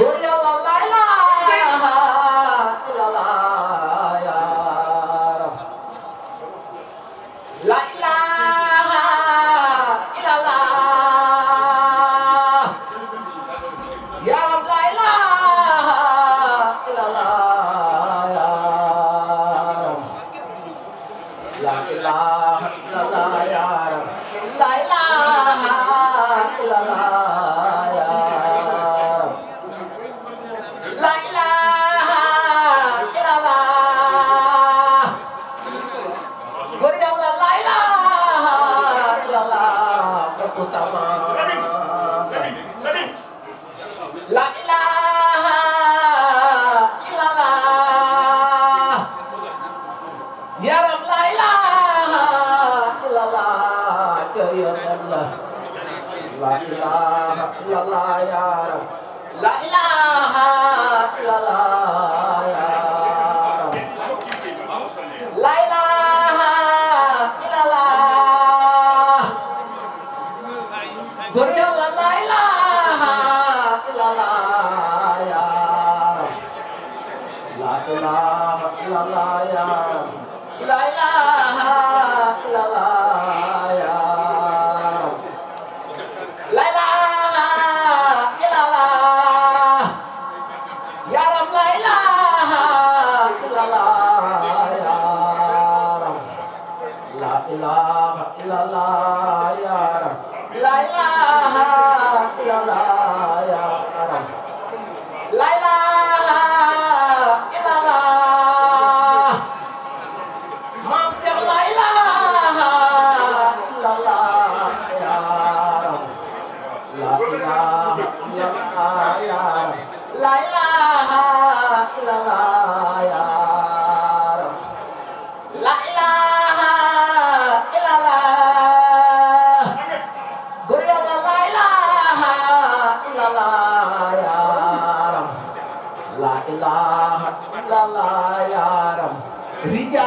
loolu شريك له لا إله إلا الله يا رب لا إله إلا الله يا رب لا إله إلا الله قل يلا لا إله إلا الله يا رب لا إله إلا الله يا رب لا إله Ya Rabbi la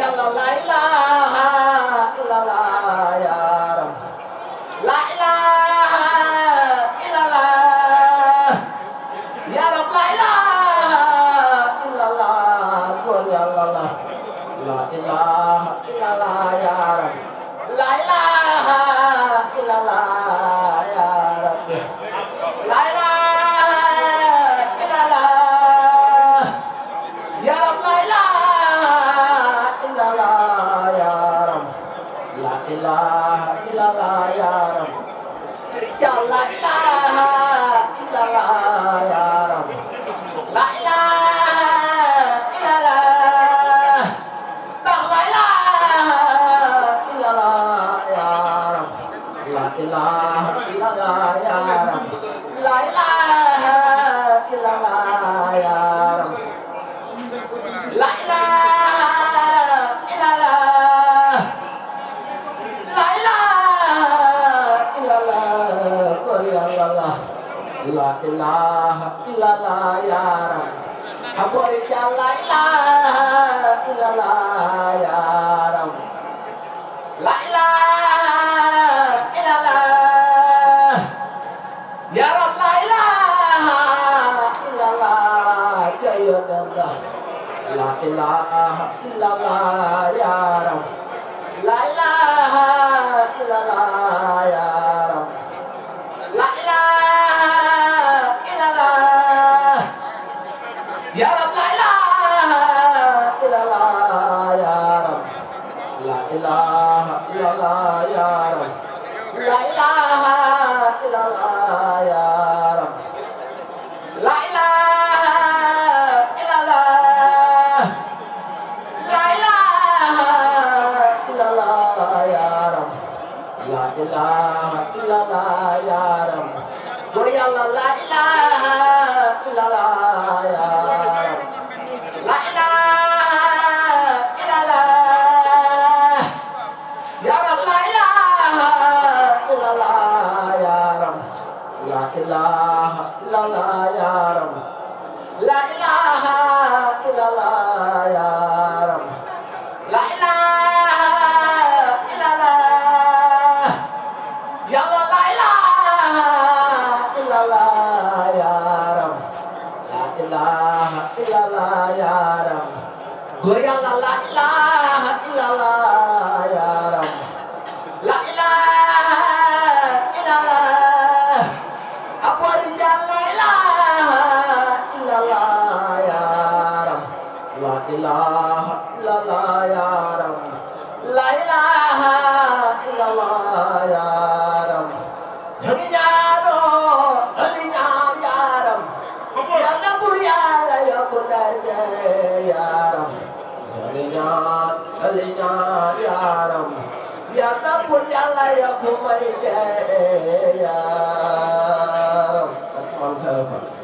yàlla la ilaha illallah إله إلا الله يا رب لا إله يد الله لا إله إلا الله يا رب لا إله إلا الله يا ya Rab la ilaha illallah ya Rab bur yàlla la ilaha illallah ya ilaha illallah ya rab góor yàlla la ilaha illallah ya rab la ilaha illallah aboori jàll la ilaha illallah ya rab la ilaha illallah ya rab la ilaha illallah ya yaaram yal na bur yàlla yokk may dee yaaram ak man